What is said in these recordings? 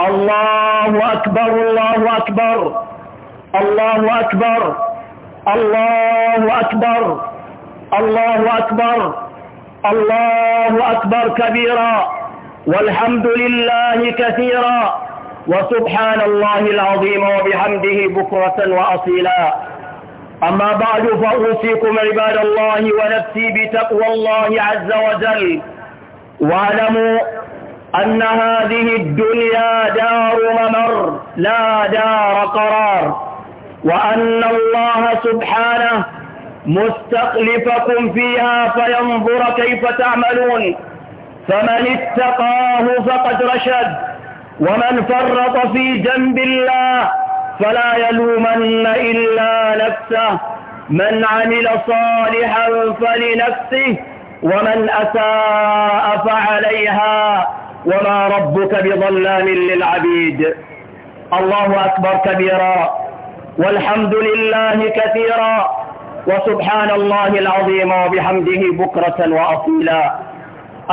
الله أكبر الله أكبر الله أكبر الله أكبر الله أكبر الله أكبر كبيرا والحمد لله كثيرا وسبحان الله العظيم وبحمده بكرة وأصيلا أما بعد فأوصيكم عباد الله ونفسي بتقوى الله عز وجل واعلموا أن هذه الدنيا دار ممر لا دار قرار وأن الله سبحانه مستخلفكم فيها فينظر كيف تعملون فمن اتقاه فقد رشد ومن فرط في جنب الله فلا يلومن إلا نفسه من عمل صالحا فلنفسه ومن أساء فعليها وما ربك بظلام للعبيد الله أكبر كبيرا والحمد لله كثيرا وسبحان الله العظيم وبحمده بكرة وأصيلا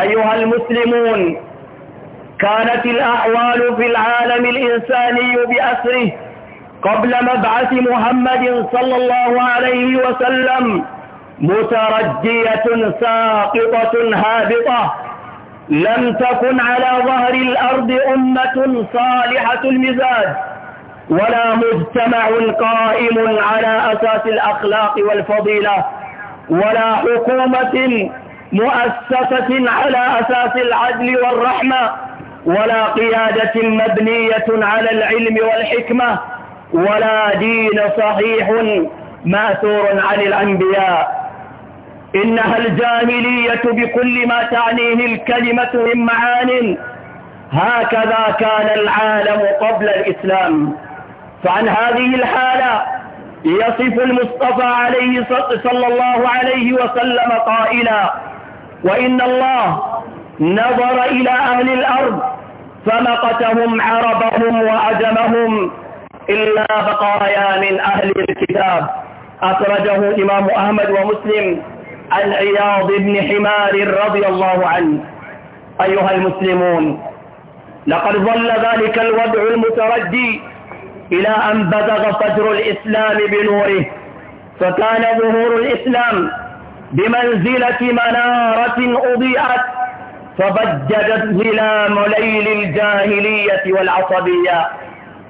أيها المسلمون كانت الأحوال في العالم الإنساني بأسره قبل مبعث محمد صلى الله عليه وسلم مترجية ساقطة هابطة لم تكن على ظهر الأرض أمة صالحة المزاج ولا مجتمع قائم على أساس الأخلاق والفضيلة ولا حكومة مؤسسة على أساس العدل والرحمة ولا قيادة مبنية على العلم والحكمة ولا دين صحيح ماثور عن الأنبياء إنها الجاهلية بكل ما تعنيه الكلمة من معان هكذا كان العالم قبل الإسلام فعن هذه الحالة يصف المصطفى عليه صلى الله عليه وسلم قائلا وإن الله نظر إلى أهل الأرض فمقتهم عربهم وعجمهم إلا بقايا من أهل الكتاب أخرجه إمام أحمد ومسلم عن عياض بن حمار رضي الله عنه أيها المسلمون لقد ظل ذلك الوضع المتردي إلى أن بزغ فجر الإسلام بنوره فكان ظهور الإسلام بمنزلة منارة أضيئت فبجدت ظلام ليل الجاهلية والعصبية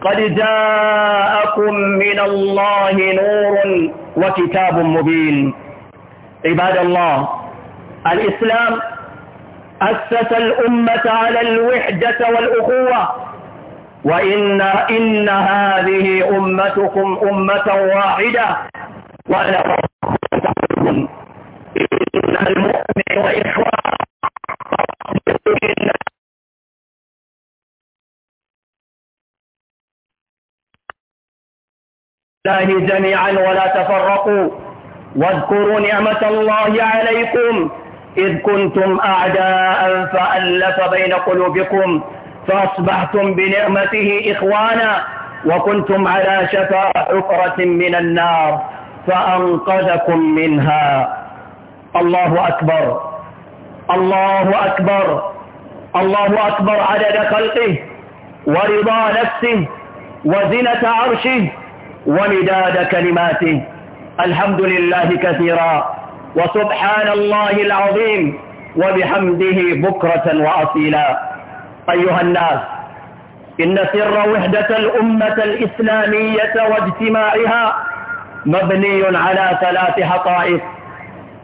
قد جاءكم من الله نور وكتاب مبين عباد الله الإسلام أسس الأمة على الوحدة والأخوة وإن إن هذه أمتكم أمة واحدة وأنا إن المؤمن وإخوان الله جميعا ولا تفرقوا واذكروا نعمة الله عليكم إذ كنتم أعداء فألف بين قلوبكم فأصبحتم بنعمته إخوانا وكنتم على شفا حفرة من النار فأنقذكم منها الله أكبر الله أكبر الله أكبر عدد خلقه ورضا نفسه وزنة عرشه ومداد كلماته الحمد لله كثيرا وسبحان الله العظيم وبحمده بكرة وأصيلا أيها الناس إن سر وحدة الأمة الإسلامية واجتماعها مبني على ثلاث حقائق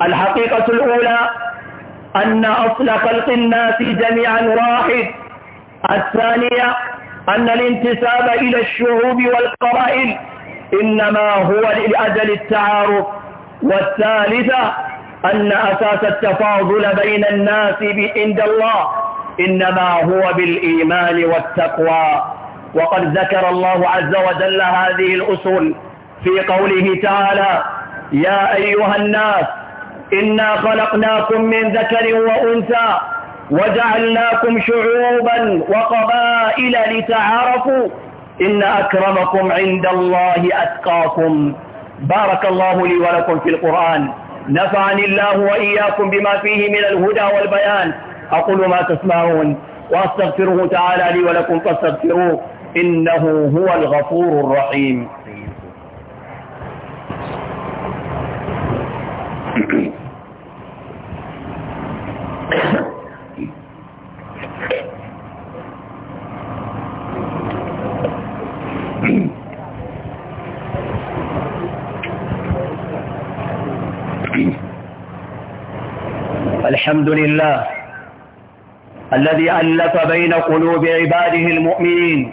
الحقيقة الأولى أن أصل خلق الناس جميعا واحد الثانية أن الانتساب إلى الشعوب والقبائل إنما هو لأجل التعارف والثالثة أن أساس التفاضل بين الناس عند الله إنما هو بالإيمان والتقوى وقد ذكر الله عز وجل هذه الأصول في قوله تعالى يا أيها الناس إنا خلقناكم من ذكر وأنثى وجعلناكم شعوبا وقبائل لتعارفوا إن أكرمكم عند الله أتقاكم بارك الله لي ولكم في القرآن نفعني الله وإياكم بما فيه من الهدى والبيان أقول ما تسمعون وأستغفره تعالى لي ولكم فاستغفروه إنه هو الغفور الرحيم Thank you. الحمد لله الذي ألف بين قلوب عباده المؤمنين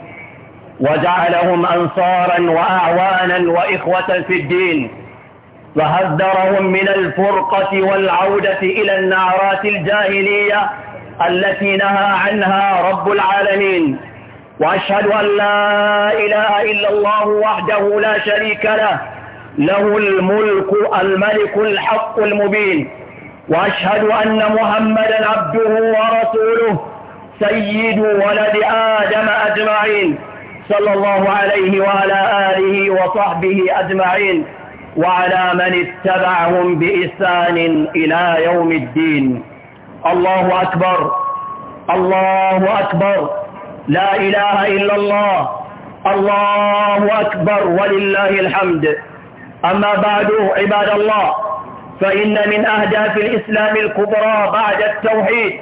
وجعلهم أنصارا وأعوانا وإخوة في الدين وهذرهم من الفرقة والعودة إلى النعرات الجاهلية التي نهى عنها رب العالمين وأشهد أن لا إله إلا الله وحده لا شريك له له الملك الملك الحق المبين وأشهد أن محمدا عبده ورسوله سيد ولد آدم أجمعين صلى الله عليه وعلى آله وصحبه أجمعين وعلى من اتبعهم بإحسان إلى يوم الدين الله أكبر الله أكبر لا إله إلا الله الله أكبر ولله الحمد أما بعد عباد الله فإن من أهداف الإسلام الكبرى بعد التوحيد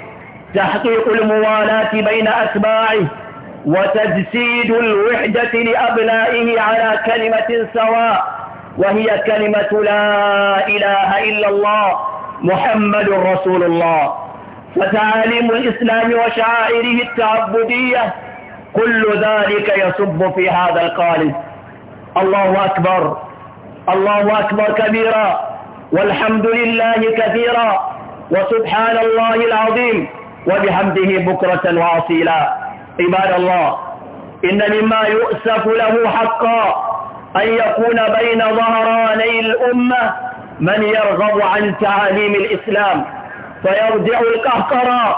تحقيق الموالاة بين أتباعه وتجسيد الوحدة لأبنائه على كلمة سواء وهي كلمة لا إله إلا الله محمد رسول الله فتعاليم الإسلام وشعائره التعبدية كل ذلك يصب في هذا القالب الله أكبر الله أكبر كبيرا والحمد لله كثيرا وسبحان الله العظيم وبحمده بكرة وأصيلا عباد الله إن مما يؤسف له حقا أن يكون بين ظهراني الأمة من يرغب عن تعاليم الإسلام فيرجع القهقرى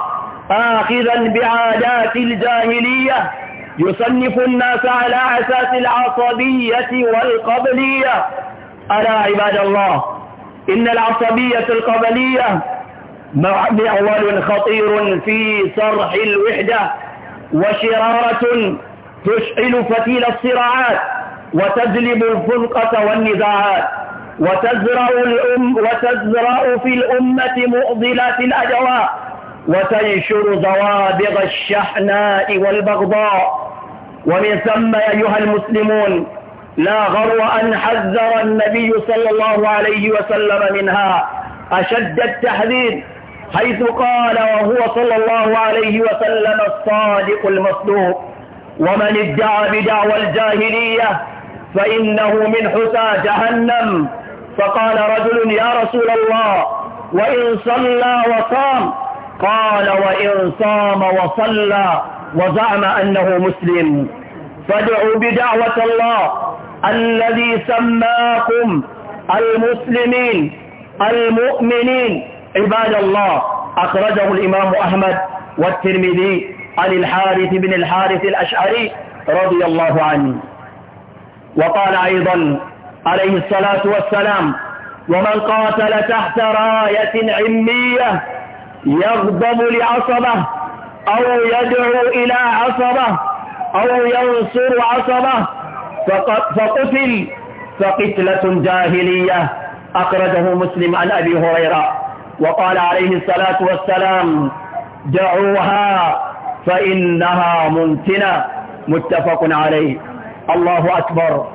آخذا بعادات الجاهلية يصنف الناس على أساس العصبية والقبلية ألا عباد الله إن العصبية القبلية معول خطير في صرح الوحدة وشرارة تشعل فتيل الصراعات وتجلب الفرقة والنزاعات وتزرع الأم وتزرع في الأمة مؤضلات الأجواء وتنشر ضوابغ الشحناء والبغضاء ومن ثم أيها المسلمون لا غرو أن حذر النبي صلى الله عليه وسلم منها أشد التحذير حيث قال وهو صلى الله عليه وسلم الصادق المصدوق ومن ادعى بدعوى الجاهلية فإنه من حسى جهنم فقال رجل يا رسول الله وإن صلى وصام قال وإن صام وصلى وزعم أنه مسلم فادعوا بدعوة الله الذي سماكم المسلمين المؤمنين عباد الله أخرجه الإمام أحمد والترمذي عن الحارث بن الحارث الأشعري رضي الله عنه وقال أيضا عليه الصلاة والسلام ومن قاتل تحت راية عمية يغضب لعصبه أو يدعو إلى عصبه أو ينصر عصبه فقتل فقتلة جاهلية أخرجه مسلم عن أبي هريرة وقال عليه الصلاة والسلام دعوها فإنها منتنة متفق عليه الله أكبر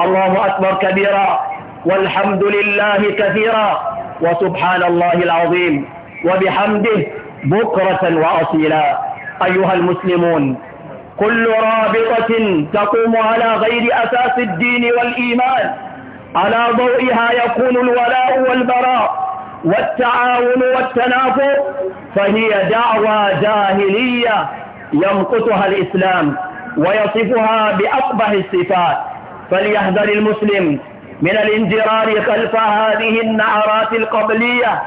الله أكبر كبيرا والحمد لله كثيرا وسبحان الله العظيم وبحمده بكرة وأصيلا أيها المسلمون كل رابطة تقوم على غير أساس الدين والإيمان على ضوئها يكون الولاء والبراء والتعاون والتنافر فهي دعوى جاهلية يمقتها الإسلام ويصفها بأقبح الصفات فليحذر المسلم من الانجرار خلف هذه النعرات القبلية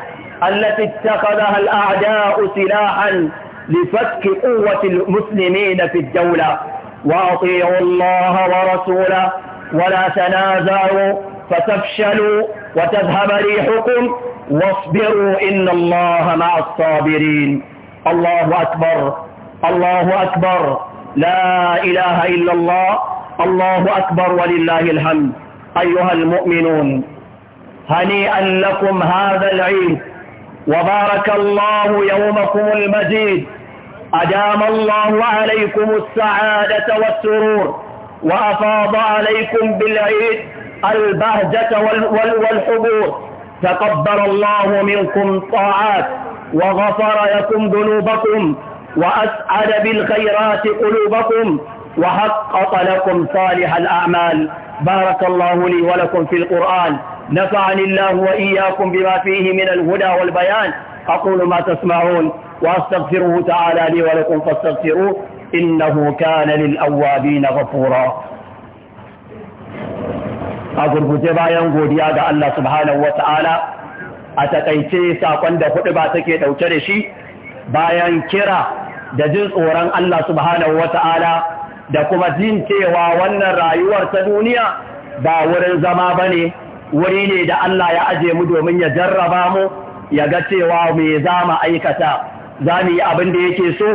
التي اتخذها الأعداء سلاحا لفك قوة المسلمين في الدولة وأطيعوا الله ورسوله ولا تنازعوا فتفشلوا وتذهب ريحكم واصبروا إن الله مع الصابرين الله أكبر الله أكبر لا إله إلا الله الله أكبر ولله الحمد أيها المؤمنون هنيئا لكم هذا العيد وبارك الله يومكم المجيد أدام الله عليكم السعادة والسرور وأفاض عليكم بالعيد البهجة والحبور تقبل الله منكم طاعات وغفر لكم ذنوبكم وأسعد بالخيرات قلوبكم وحقق لكم صالح الأعمال بارك الله لي ولكم في القرآن نفعني الله وإياكم بما فيه من الهدى والبيان أقول ما تسمعون وأستغفره تعالى لي ولكم فاستغفروه إنه كان للأوابين غفورا a gurguje bayan godiya ga Allah subhanahu wa ta'ala a takaice saƙon da kuɗi ba take ɗauke da shi bayan kira da jin tsoron Allah subhanahu wa ta'ala da kuma jin cewa wannan rayuwar ta duniya ba wurin zama ba ne wuri ne da Allah ya aje mu domin ya jarraba mu ya ga cewa me za mu aikata za mu yi abin da yake so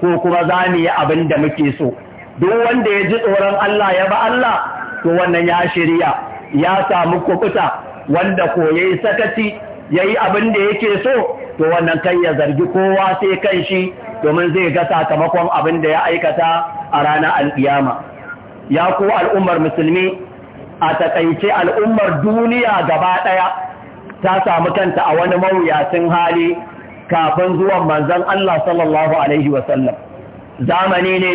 ko kuma za mu yi abin da muke so duk wanda ya ji tsoron Allah ya ba Allah to wannan ya shirya ya samu kukuta wanda ko ya yi sakaci yi abin da yake so to wannan kai ya zargi kowa sai kan shi domin zai ga sakamakon abin da ya aikata a ranar al'iyama. ya ku al'ummar musulmi a taƙaice al'ummar duniya gaba ɗaya ta samu kanta a wani mawuyacin hali kafin zuwan manzan Allah sallallahu alaihi wasallam zamani ne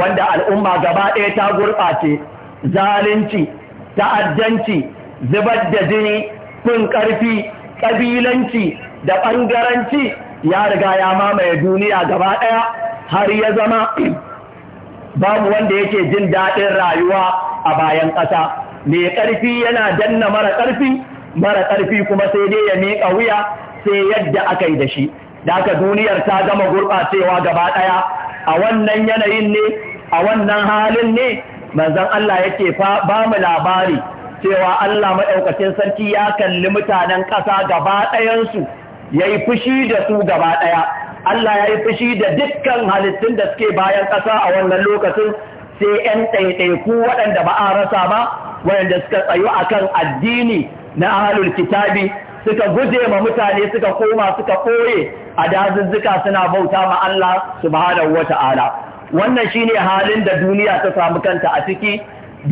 wanda al'umma gaba ɗaya ta gurɓace zalunci ta'addanci zubar da jini kun ƙarfi ƙabilanci da ɓangaranci ya riga ya mamaye duniya gaba ɗaya har ya zama babu wanda yake jin daɗin rayuwa a bayan ƙasa Me ƙarfi yana danna mara ƙarfi mara ƙarfi kuma sai dai ya miƙa wuya sai yadda aka yi da shi da aka duniyar ta gama gurɓacewa gaba ɗaya a wannan yanayin ne a wannan halin ne manzon Allah yake ba mu labari cewa Allah maɗaukacin sarki ya kalli mutanen ƙasa gaba ɗayansu ya yi fushi da su gaba ɗaya Allah ya yi fushi da dukkan halittun da suke bayan ƙasa a wannan lokacin sai 'yan ɗaiɗaiku waɗanda ba a rasa ba waɗanda suka tsayo a kan addini na ahalul kitabi suka guje ma mutane suka koma suka koye a dazuzzuka suna bauta ma Allah subhanahu wata'ala wannan shine halin da duniya ta samu kanta a ciki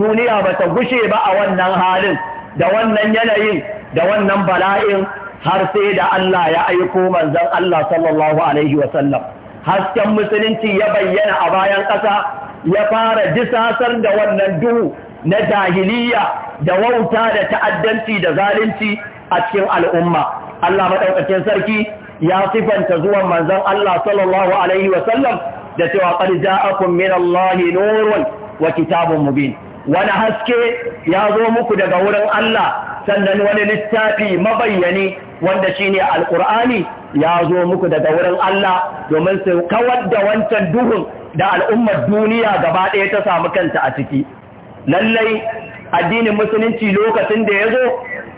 duniya ba ta gushe ba a wannan halin da wannan yanayin da wannan bala'in har sai da Allah ya aiko manzon Allah sallallahu alaihi Sallam. hasken musulunci ya bayyana a bayan ƙasa ya fara disasar da wannan duhu na jahiliya da wauta da ta'addanci da zalunci a cikin al'umma Allah maɗaukacin sarki ya sifanta zuwan manzon Allah sallallahu alaihi wa da cewa qad ja'akum min Allah nurun wa kitabun mubin wani haske ya zo muku daga wurin Allah sannan wani littafi mabayyani wanda shine alqur'ani ya zo muku daga wurin Allah domin su kawar da wancan duhun da al'ummar duniya gaba ɗaya ta samu kanta a ciki lallai addinin musulunci lokacin da ya zo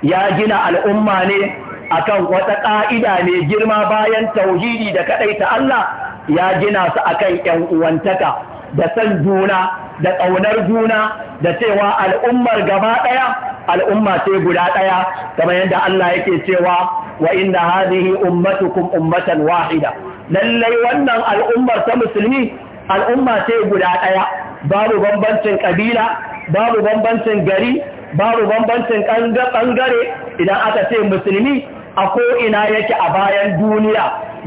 ya gina al'umma ne akan wata ƙa'ida ne girma bayan tauhidi da kaɗaita Allah ya gina su kan ‘yan uwantaka da san juna da ƙaunar juna da cewa al'ummar gaba ɗaya al'umma ce guda ɗaya kamar yadda Allah yake cewa wa inda hadhihi ummatukum ummatan wahida lallai wannan al'ummar ta musulmi al'umma ce guda ɗaya babu bambancin ƙabila, babu bambancin gari babu bambancin ɓangare idan aka ce musulmi a ko'ina yake a bayan duniya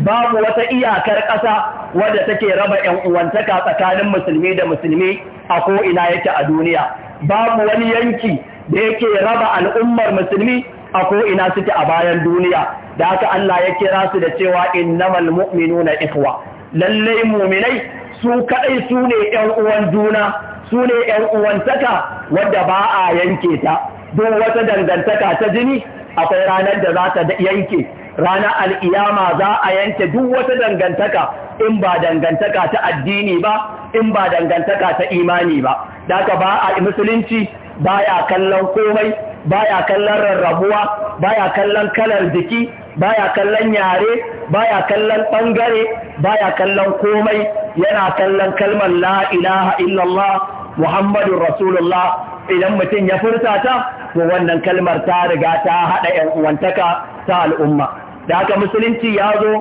babu wata iyakar ƙasa wadda take raba ‘yan uwantaka tsakanin musulmi da musulmi a ko'ina yake a duniya babu wani yanki da yake raba al'ummar musulmi a ko'ina suke a bayan duniya da haka Allah ya kira su da cewa innamal na ikwa lallai muminai su kaɗai su ne ‘yan uwan juna su ne ‘yan uwantaka wadda ba a yanke ta duk wata dangantaka ta jini akwai ranar da za ta yanke ranar al'iyama za a yanke duk wata dangantaka in ba dangantaka ta addini ba in ba dangantaka ta imani ba daga ba a musulunci baya kallon komai baya kallon rarrabuwa baya kallon kalar jiki baya kallon yare baya kallon bangare baya kallon komai yana kallon kalmar la ilaha illallah Muhammadu Rasulullah idan mutum ya furta ta to wannan kalmar ta riga ta haɗa ‘yan uwantaka ta al'umma. Da haka musulunci ya zo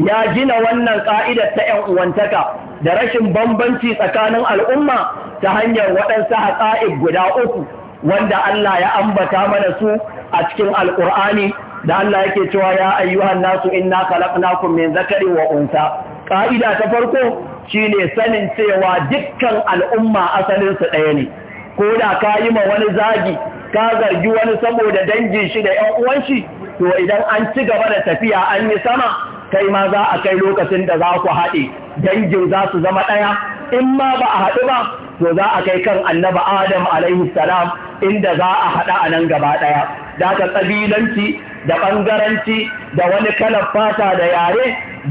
ya gina wannan ƙa'idar ta ‘yan uwantaka da rashin bambanci tsakanin al'umma ta hanyar waɗansu haƙa'ib guda uku wanda Allah ya ambata mana su a cikin Alƙur'ani da Allah yake cewa ya ayyuhan nasu inna khalaqnakum min zakari wa unsa. Ƙa'ida ta farko Shi ne sanin cewa dukkan al'umma asalinsu ɗaya ne ko da ka yi ma wani zagi ka zargi wani saboda dangin shi da 'yan'uwan shi to idan an ci gaba da tafiya an yi sama kai ma za a kai lokacin da za ku haɗe dangin za su zama ɗaya in ma ba a haɗu ba to za a kai kan annaba adam salam inda za a haɗa a nan gaba ɗaya da ka ƙabilanci da ɓangaranci da wani kalar fata da yare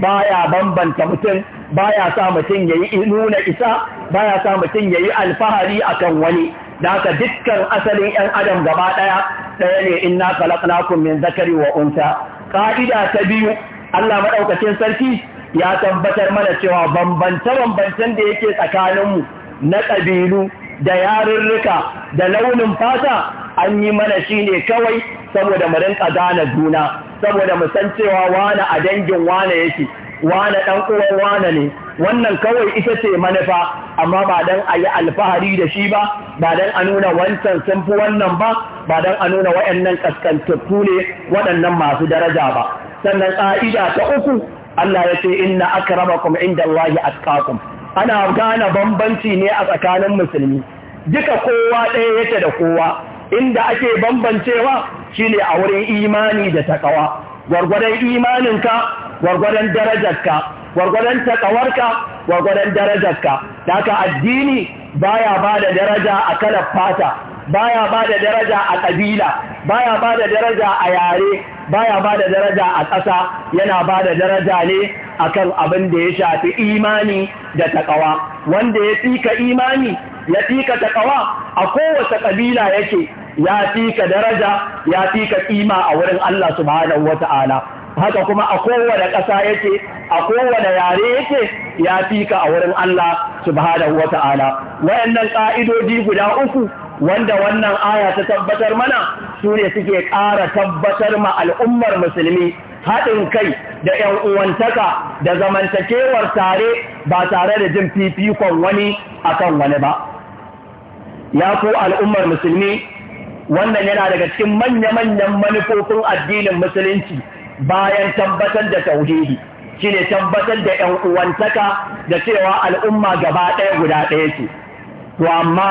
baya bambanta mutum baya sa mutum yayi nuna isa baya sa mutum yayi alfahari akan wani daga dukkan asalin ‘yan adam gaba ɗaya ɗaya ne inna khalaqnakum min zakari wa unta ka'ida ta biyu Allah maɗaukacin sarki ya tabbatar mana cewa bambanta bambantan da yake tsakaninmu na ƙabilu da yarurruka da launin fata an yi mana shi ne kawai saboda mu rinka gane juna saboda mu san cewa wani a dangin wani yake wane ɗan uwan wane ne wannan kawai ita ce manufa amma ba don a yi alfahari da shi ba ba don a nuna wancan sun fi wannan ba ba don a nuna waɗannan ƙasƙantattu ne waɗannan masu daraja ba sannan ƙa'ida ta uku Allah ya ce inna akramakum inda Allah atqakum ana gane bambanci ne a tsakanin musulmi duka kowa ɗaya yake da kowa inda ake bambancewa shine a wurin imani da takawa gwargwadon imaninka gwargwadon darajarka gwargwadon takawarka gwargwadon darajarka da haka addini baya ba da daraja a kalar fata baya ba da daraja a ƙabila baya ba da daraja a yare baya ba da daraja a ƙasa yana ba da daraja ne a kan abin da ya shafi imani da taƙawa. wanda ya fika imani ya fika taƙawa, a kowace ƙabila yake ya ka daraja ya ka ƙima a wurin Allah subhanahu wata'ala haka kuma a kowane ƙasa yake a kowane yare yake ya fi ka a wurin Allah subhanahu wa ta'ala wayannan ƙa'idodi guda uku wanda wannan aya ta tabbatar mana su ne suke ƙara tabbatar ma al'ummar musulmi haɗin kai da ‘yan uwantaka da zamantakewar tare ba tare da jin fifikon wani akan wani ba. Ya ku al'ummar musulmi wannan yana daga cikin manya-manyan manufofin addinin musulunci bayan tabbatar da tauhidi ne tabbatar da ‘yan uwantaka da cewa al'umma gaba ɗaya guda ɗaya ce. To, amma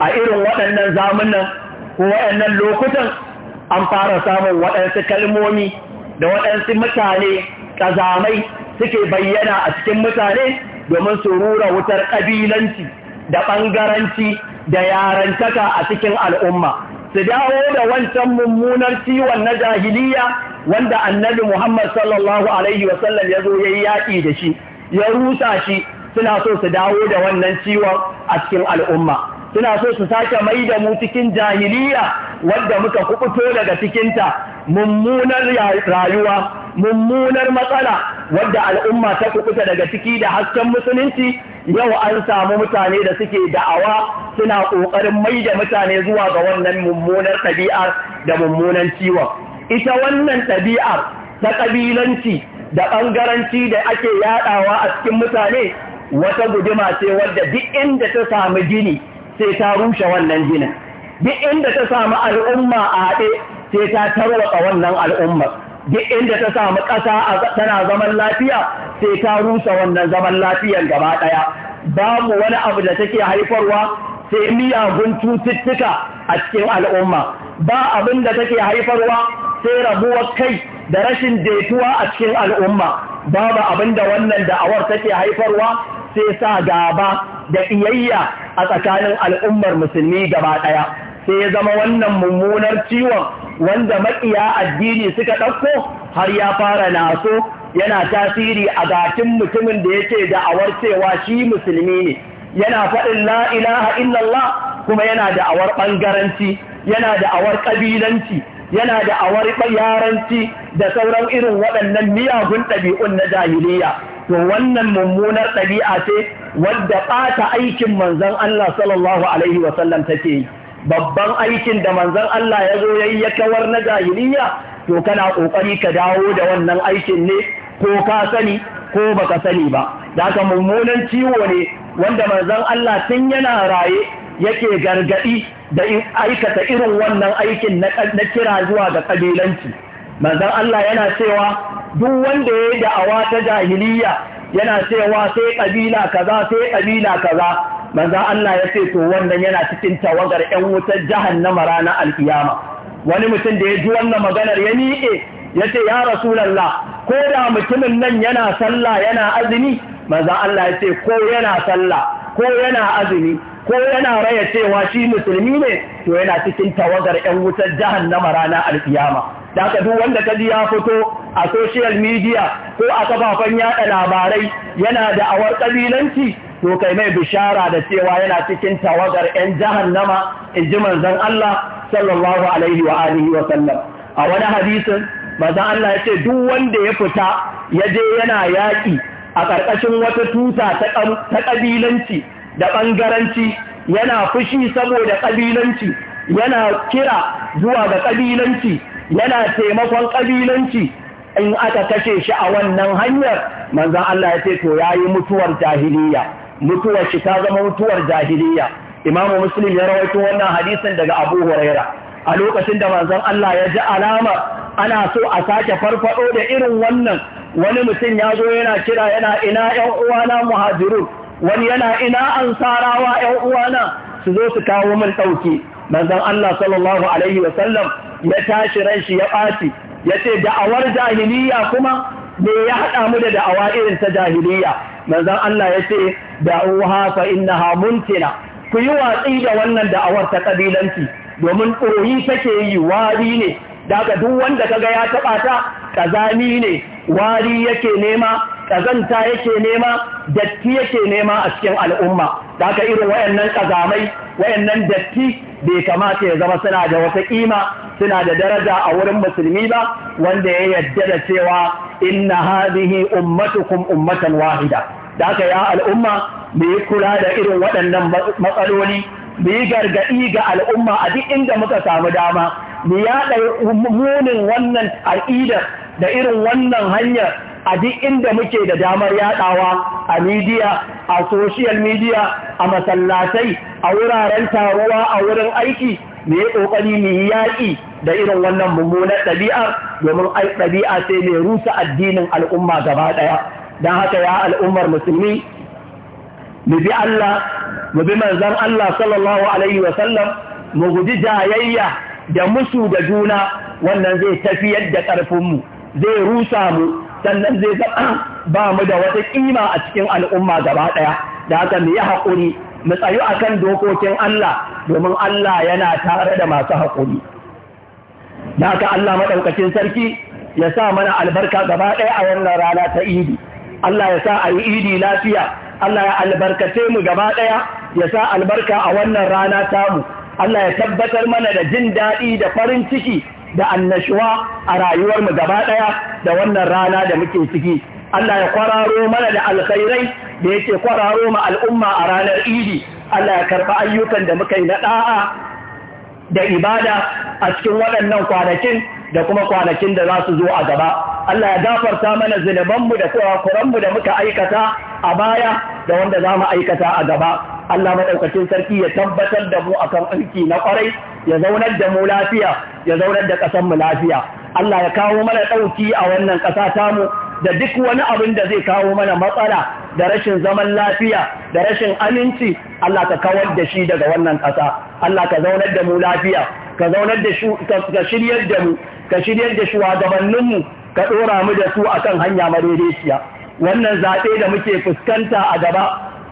a irin waɗannan zamunan ko waɗannan lokutan an fara samun waɗansu kalmomi da waɗansu mutane ƙazamai suke bayyana a cikin mutane domin su rura wutar ƙabilanci da ɓangaranci da yarantaka a cikin al'umma. su dawo da wancan mummunar ciwon na jahiliya wanda annabi Muhammad sallallahu alaihi wasallam ya zo ya yi yaƙi da shi ya rusa shi suna so su dawo da wannan ciwon a cikin al'umma suna so su sake mai da mu cikin jahiliya wadda muka kubuto daga cikinta mummunar rayuwa mummunar matsala wadda al'umma ta kubuta daga ciki da hasken musulunci yau an samu mutane da suke da'awa suna ƙoƙarin mai da mutane zuwa ga wannan mummunar ɗabi'ar da mummunan ciwon ita wannan ɗabi'ar ta ƙabilanci da ɓangaranci da ake yaɗawa a cikin mutane wata guduma ce wadda duk inda ta samu gini sai ta rushe wannan ginin duk inda ta samu al'umma a haɗe sai ta tarwatsa wannan al'ummar duk inda ta samu ƙasa tana zaman lafiya sai ta rusa wannan zaman lafiyan gaba ɗaya babu wani abu da take haifarwa sai miyagun cututtuka a cikin al'umma ba abin da take haifarwa sai rabuwar kai da rashin daituwa a cikin al'umma babu abin da wannan da'awar take haifarwa sai sa gaba da iyayya a tsakanin al'ummar musulmi gaba ɗaya sai ya zama wannan mummunar ciwon wanda maƙiya addini suka ɗauko har ya fara naso yana tasiri a bakin mutumin da yake da'awar cewa shi musulmi ne yana faɗin la illallah kuma yana da'awar ɓangaranci yana da'awar ƙabilanci yana da'awar yaranci da sauran irin waɗannan miyagun ɗabi'un na jahiliya to wannan mummunar ɗabi'a ce wadda ɓata aikin manzon Allah sallallahu alaihi wasallam take yi babban aikin da manzon Allah ya zo yayi ya kawar na jahiliya to kana kokari ka dawo da wannan aikin ne ko ka sani ko baka sani ba daga mummunan ciwo ne wanda manzon Allah tun yana raye yake gargadi da aikata irin wannan aikin na kira zuwa ga kabilanci manzon Allah yana cewa duk wanda ya yi da'awa ta jahiliya yana cewa sai kabila kaza sai kabila kaza manzan Allah ya ce to wannan yana cikin tawagar 'yan wutar jahannama ranar alkiyama wani mutum da ya ji wannan maganar ya miƙe ya ce ya rasulallah ko da mutumin nan yana sallah yana azumi manza Allah ya ce ko yana sallah ko yana azumi ko yana raya cewa shi musulmi ne to yana cikin tawagar 'yan wutar jahannama ranar alkiyama da duk wanda ka ji ya fito a social media ko a kafafen yada labarai yana da awar ƙabilanci? to kai mai bishara da cewa yana cikin tawagar 'yan jahannama in ji manzon Allah sallallahu alaihi wa alihi wa sallam a wani hadisin manzon Allah ya ce duk wanda ya fita ya je yana yaƙi a ƙarƙashin wata tuta ta ƙabilanci da ɓangaranci yana fushi saboda ƙabilanci yana kira zuwa ga ƙabilanci yana taimakon ƙabilanci in aka kashe shi a wannan hanyar manzon Allah ya ce to yi mutuwar jahiliya mutuwar shi ta zama mutuwar jahiliya imamu muslim ya rawaito wannan hadisin daga abu huraira a lokacin da manzon Allah ya ji alama ana so a sake farfado da irin wannan wani mutum ya zo yana kira yana ina ƴan uwana muhajirun wani yana ina ansarawa ƴan uwana su zo su kawo min dauki manzon Allah sallallahu alaihi wa sallam ya tashi ran shi ya ɓaci yace da'awar jahiliya kuma me ya haɗa mu da da'awa irin ta jahiliya manzon Allah ya ce da'uha fa innaha muntina ku yi watsi da wannan da'awar ta kabilanci domin tsoroyi take yi wari ne daga duk wanda kaga ya taba ta kazani ne wari yake nema ƙazanta yake nema datti yake nema a cikin al'umma da haka irin wayannan ƙazamai wayannan datti bai kamata ya zama suna da wata ƙima suna da daraja a wurin musulmi ba wanda ya yadda da cewa inna ummatu ummatukum ummatan wahida da haka ya al'umma mu yi kula da irin waɗannan matsaloli mu yi gargaɗi ga al'umma a duk inda muka samu dama mu yaɗa munin wannan al'idar da irin wannan hanyar a duk inda muke da damar yadawa a midiya a social media a masallatai a wuraren taruwa a wurin aiki mu ya ƙoƙari mu yaƙi da irin wannan mummunar ɗabi'a domin ɗabi'a sai mai rusa addinin al'umma gaba ɗaya don haka ya al'ummar musulmi mu bi Allah mu bi manzon Allah sallallahu alaihi wa sallam mu guji jayayya da musu da juna wannan zai tafiyar da ƙarfinmu zai rusa mu sannan zai zaɓa ba mu da wata ƙima a cikin al'umma gaba ɗaya da haka mu yi haƙuri mu tsayu a kan dokokin Allah domin Allah yana tare da masu haƙuri da haka Allah maɗaukacin sarki ya sa mana albarka gaba ɗaya a wannan rana ta idi Allah ya sa a yi idi lafiya Allah ya albarkace mu gaba ɗaya ya sa albarka a wannan rana tamu Allah ya tabbatar mana da jin daɗi da farin ciki da annashuwa a rayuwarmu gaba ɗaya da wannan rana da muke ciki Allah ya kwararo mana da alkhairai da yake kwararo ma al'umma a ranar idi Allah ya karɓi ayyukan da muka yi na ɗa'a da ibada a cikin waɗannan kwanakin da kuma kwanakin da za su zo a gaba Allah ya gafarta mana zunubanmu da kura-kuranmu da muka aikata a baya da wanda za mu aikata a gaba Allah maɗaukacin sarki ya tabbatar da mu akan aiki na ƙwarai ya zaunar da mu lafiya ya zaunar da ƙasanmu lafiya Allah ya kawo mana ɗauki a wannan ƙasa tamu da duk wani abin da zai kawo mana matsala da rashin zaman lafiya da rashin aminci Allah ka kawar da shi daga wannan ƙasa Allah ka zaunar da mu lafiya ka zaunar da ka shiryar da mu ka shiryar da shugabanninmu ka ɗora mu da su a kan hanya madaidaiciya wannan zaɓe da muke fuskanta a gaba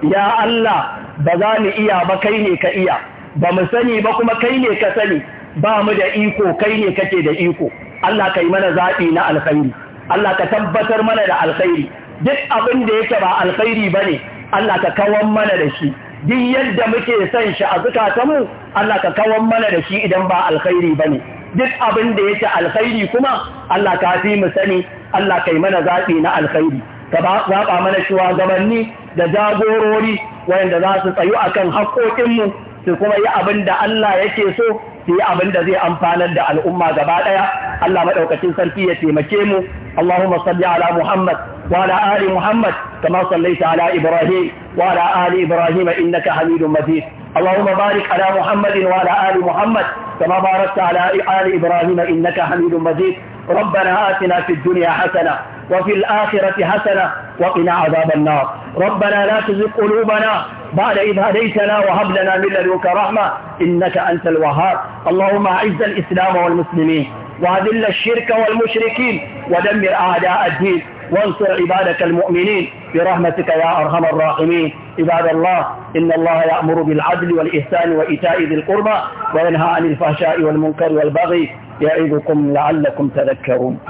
ya Allah ba za mu iya ba kai ne ka iya ba mu sani ba kuma kai ne ka sani ba mu da iko kai ne kake da iko Allah ka yi mana zaɓi na alkhairi Allah ka tabbatar mana da alkhairi duk abin da yake ba alkhairi ba ne Allah ka kawar mana da shi duk yadda muke son shi a zukatanmu Allah ka kawar mana da shi idan ba alkhairi ba ne duk abin da yake alkhairi kuma Allah ka fi mu sani Allah kai mana zaɓi na alkhairi ka zaɓa mana shugabanni da jagorori wayanda za su tsayu akan haƙoƙinmu su kuma yi abin da Allah yake so su yi abin da zai amfanar da al'umma gaba ɗaya Allah maɗaukacin sarki ya taimake mu Allahumma salli ala Muhammad wa ala ali Muhammad kama sallaita ala Ibrahim wa ala ali Ibrahim innaka Hamidum Majid Allahuma barik ala Muhammadin wa ala ali Muhammad كما باركت على آل إبراهيم إنك حميد مجيد ربنا آتنا في الدنيا حسنة وفي الآخرة حسنة وقنا عذاب النار ربنا لا تزغ قلوبنا بعد إذ هديتنا وهب لنا من لدنك رحمة إنك أنت الوهاب اللهم أعز الإسلام والمسلمين وأذل الشرك والمشركين ودمر أعداء الدين وانصر عبادك المؤمنين برحمتك يا أرحم الراحمين عباد الله إن الله يأمر بالعدل والإحسان وإيتاء ذي القربى وينهى عن الفحشاء والمنكر والبغي يعظكم لعلكم تذكرون